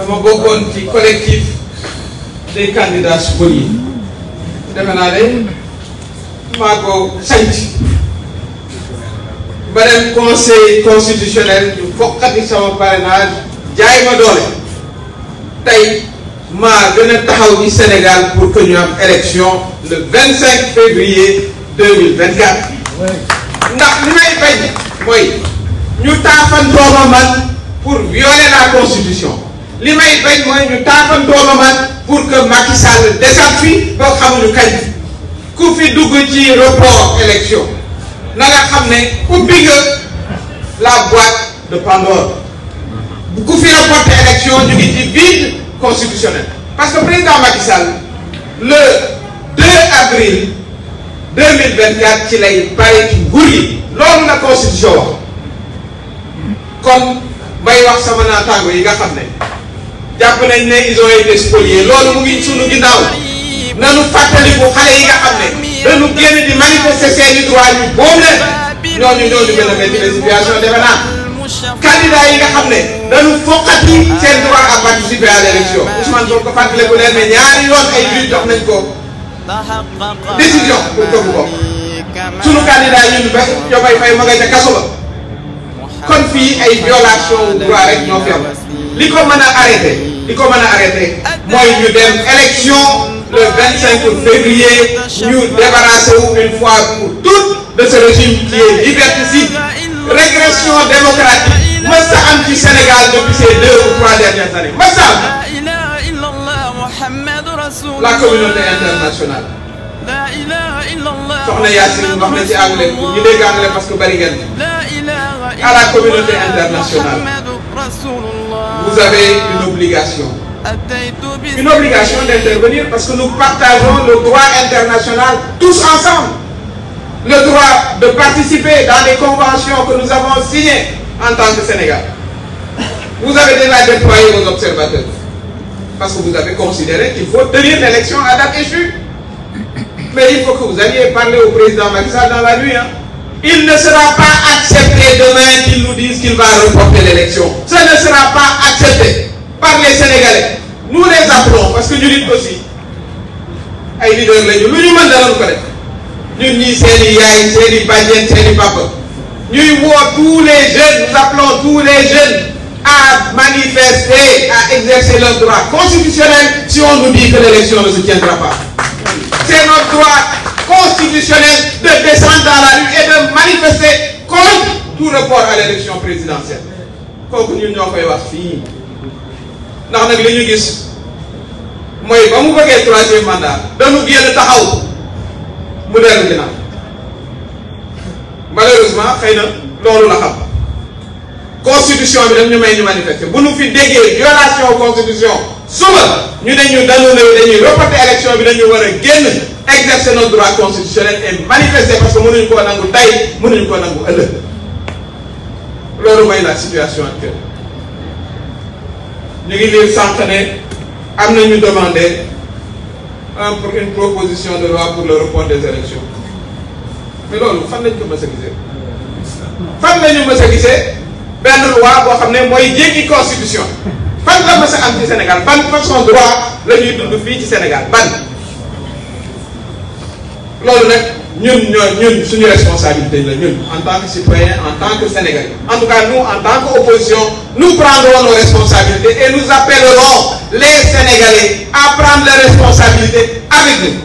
dama bokkoon ci collectif des candidats yi defe naa de maa ko sant ba dem conseil constitutionnel ñu foqati sama parrainage jaay ma doole tey maa gën taxaw ci Sénégal pour que ñu am élection le 25 février ndax li may bañ mooy ñu taafan dooma man pour violer la constitution li may bañ mooy ñu taaxam doomamaat pour que Macky Sall ba xamuñu kañ ku fi dugg ci report élection na nga xam ne ubbi nga la boîte de Pandore ku fi reporté élection ñu ngi ci vide constitutionnel parce que président Macky Sall le 2 avril 2024 ci lay bàyyi ci nguur yi loolu la constitution wax kon may wax sama naataango yi nga xam ne jàpp nañ ne ils ont été spoliés loolu mu ngi sunu ginnaaw nanu fàttaliku xale yi nga xam ne dañu génn di manifester seeni droit yu boobu la ñooñu ñooñu gën a metti la situation defe yi nga xam ne dañu foqati seen droit à participer à l'élection Ousmane boobu ko fàttaliku leen ne ñaari yoon ay juge jox nañ ko décision pour ko sunu candidat yi ñu ba Diomaye Faye ma nga ca kaso ba kon fii ay violation droit rek ñoo fi li ko mën a arrêté li ko mën a arrêté mooy ñu dem élection le 25 février ñu débarrasser une fois pour de ce régime qui est liberticide régression démocratique mës na am Sénégal depuis ces deux ou trois dernières la communauté internationale que bari ngeen la communauté internationale. vous avez une obligation. Une obligation d'intervenir parce que nous partageons le droit international tous ensemble. Le droit de participer dans les conventions que nous avons signées en tant que Sénégal. Vous avez déjà déployé vos observateurs parce que vous avez considéré qu'il faut tenir l'élection à date échue. Mais il faut que vous alliez parler au président Macky dans la nuit. Hein. Il ne sera pas accepté demain qu'ils nous disent qu'il va reporter l'élection. Ce ne sera pas accepté par les Sénégalais. Nous les appelons parce que ñu nit aussi ay leaders lañu lu ñu mën danañ ko def ñun ñii seen i yaay seen i bàjjen seen tous les jeunes nous tous les jeunes à manifester à exercer leur droit constitutionnel si on nous dit l'élection de descendre dans tout report à l'élection présidentielle kooku ñun ñoo koy wax fii ndax nag li ñu mooy ba mu bëggee troisième mandat dañu génn taxaw mu dellu ginnaaw malheureusement xëy na loolu la xam constitution bi dañ ñu may ñu manifester bu ñu fi déggee violation constitution suba ñu ne ñu dañu ne dañuy reporter élection bi dañu war a génn exercer nos droits constitutionnels et manifester parce que mënuñu koo nangu tey mënuñu koo nangu ëllëg. mooy la situation actuelle ñu ngi liir sànq ne am na demandé un pour une proposition de loi pour le report des élections mais loolu fan lañ ko mës a fan lañu mës a benn loi boo xam ne mooy jéggi constitution fan la mës a am ci Sénégal ban droit la ñuy dund fii ci Sénégal ban loolu nag ñun ñoo ñun suñu responsabilité la ñun en tant que citoyen en tant que sénégalais en tout cas nous en tant qu'opposition nous prendrons nos responsabilités et nous appellerons les sénégalais à prendre leurs responsabilités avec nous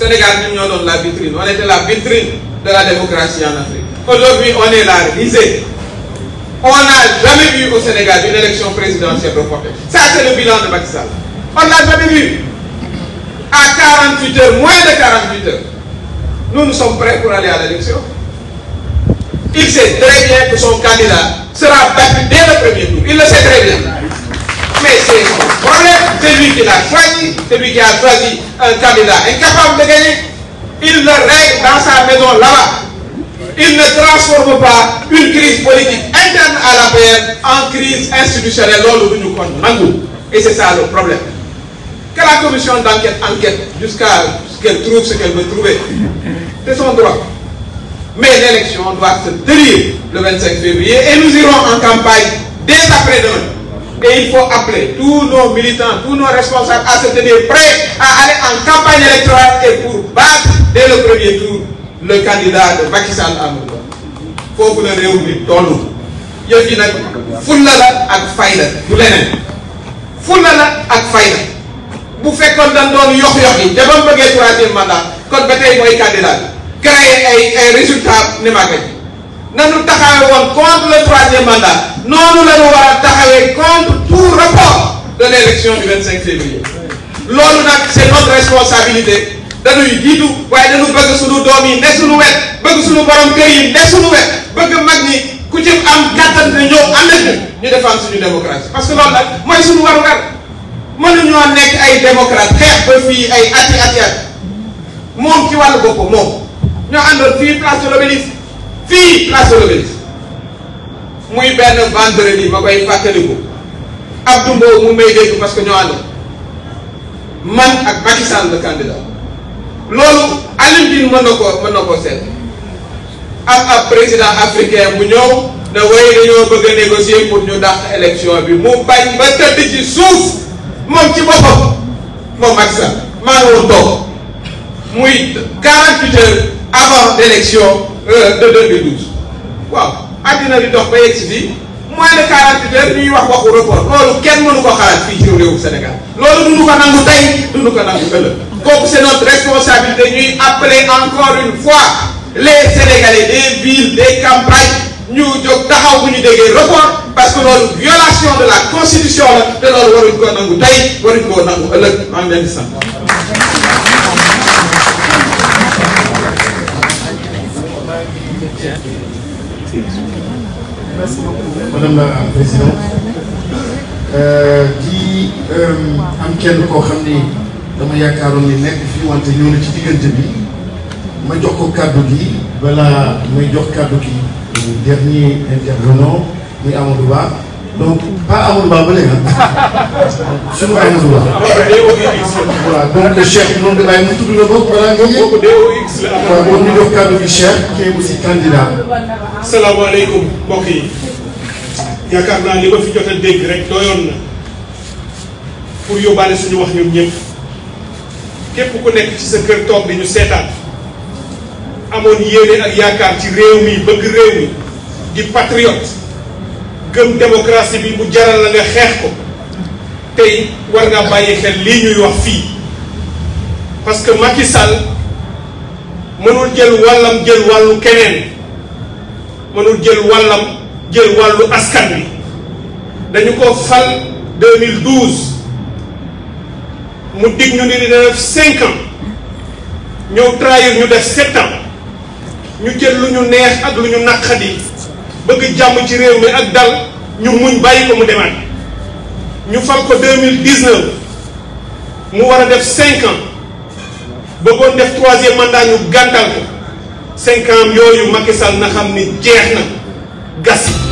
Sénégal ñun ñoo doon la vitrine on était la vitrine de la démocratie en Afrique aujourd'hui on est la risée on n'a jamais vu au Sénégal une élection présidentielle reportée ça c'est le bilan de Macky Sall on n'a jamais vu à 48 heures, moins de 48 heures, nous nous sommes prêts pour aller à l'élection. Il sait très bien que son candidat sera battu dès le premier tour. Il le sait très bien. Mais c'est son problème. C'est lui qui l'a choisi. C'est lui qui a choisi un candidat incapable de gagner. Il le règle dans sa maison là Il ne transforme pas une crise politique interne à la PR en crise institutionnelle. Et c'est ça le problème. que la commission d'enquête enquête jusqu'à ce qu'elle trouve ce qu'elle veut trouver. C'est son droit. Mais l'élection doit se tenir le 25 février et nous irons en campagne dès après Et il faut appeler tous nos militants, tous nos responsables à se tenir prêts à aller en campagne électorale et pour battre dès le premier tour le candidat de Macky Sall Amadou Ba foofu la réew mi toll. yëf yi nag fulla la ak fayda bu fekkoon dañ doon yox yox yi te ba mu bëggee troisième mandat kon ba tey mooy candidat bi créer ay ay résultats ne maa ngi nanu taxawee woon contre le troisième mandat noonu la ñu a taxawee contre tout report de l' élection du 25 loolu nag c' est notre responsabilité dañuy jiitu waaye dañu bëgg suñu doom yi ne suñu wet bëgg suñu borom kër yi ne suñu wet bëgg mag ñi ku ci am kàttan ne ñëw ànd ak ñu ñu defaan suñu démocratie parce que loolu nag mooy suñu mënuñoo nekk ay démocrate xeex ba fii ay ati ati at moom ci wàllu boppam moom ñoo àndoon fii place de fii place de muy benn vendredi ma koy fàttaliku Abdou Mbow mu may dégg parce que ñoo àndoon man ak Macky Sall le candidat loolu Alioune mën na ko mën na ko seet am ab président africain bu ñëw ne dañoo bëgg négocier pour ñu dàq élection bi mu bañ ba tëdd ci suuf moom ci boppam moom Macky Sall maa ngi woon toog muy 48 heures avant l'élection euh, de 2012 waaw àddina di dox ba yegg si fii moins de 48 heures ñuy wax waxu report loolu kenn mënu ko xalaat fii ci réewu Sénégal loolu duñu ko nangu tey duñu ko nangu ëllëg kooku c'est notre responsabilité ñuy appeler encore une fois les Sénégalais des villes des campagnes ñu jóg taxaw bu ñu déggee report parce loolu violation de la constitution la te loolu waruñ ko nangu tey waruñ koo nangu ëllëg maa euh, euh, am kenn koo xam ni dama yaakaaroon ni nekk fii wante ñëw na ci diggante bi ma jox ko kàddu gi balaa may jox kàddu gi. dernier intervenant muy Amadou Ba donc pas Amadou Ba bële ah. suñu Amadou Ba. voilà donc Cheikh moom dafay mu tudd la bokk balaa nga yëg. waaw kon ñu jox kàddu gi Cheikh. qui est aussi candidat. salaamaaleykum mbokk yi yaakaar naa li ma fi jot a dégg rek doyoon na pour yóbbaale suñu wax ñun ñëpp képp ku nekk ci sa kër toog di ñu seetaan. amoon yéene ak yaakaar ci réew mi bëgg réew mi di patriote gëm démocratie bi mu jaral la nga xeex ko tey war nga bàyyi xel lii ñuy wax fii parce que Macky Sall mënul jël wàllam jël wàllu keneen mënul jël wàllam jël wàllu askan bi dañu ko fal 2012 mu dig ñu ni dina def 5 ñëw trahir ñu def 7 ñu jël lu ñu neex ak lu ñu naqadi bëgg jàmm ci réew mi ak dal ñu muñ bàyyi ko mu demaat ñu fal ko 2019 mu war a def 5 ans bëggoon def troisième mandat ñu gàntal ko 5 ans yooyu Macky Sall na xam ni jeex na gas.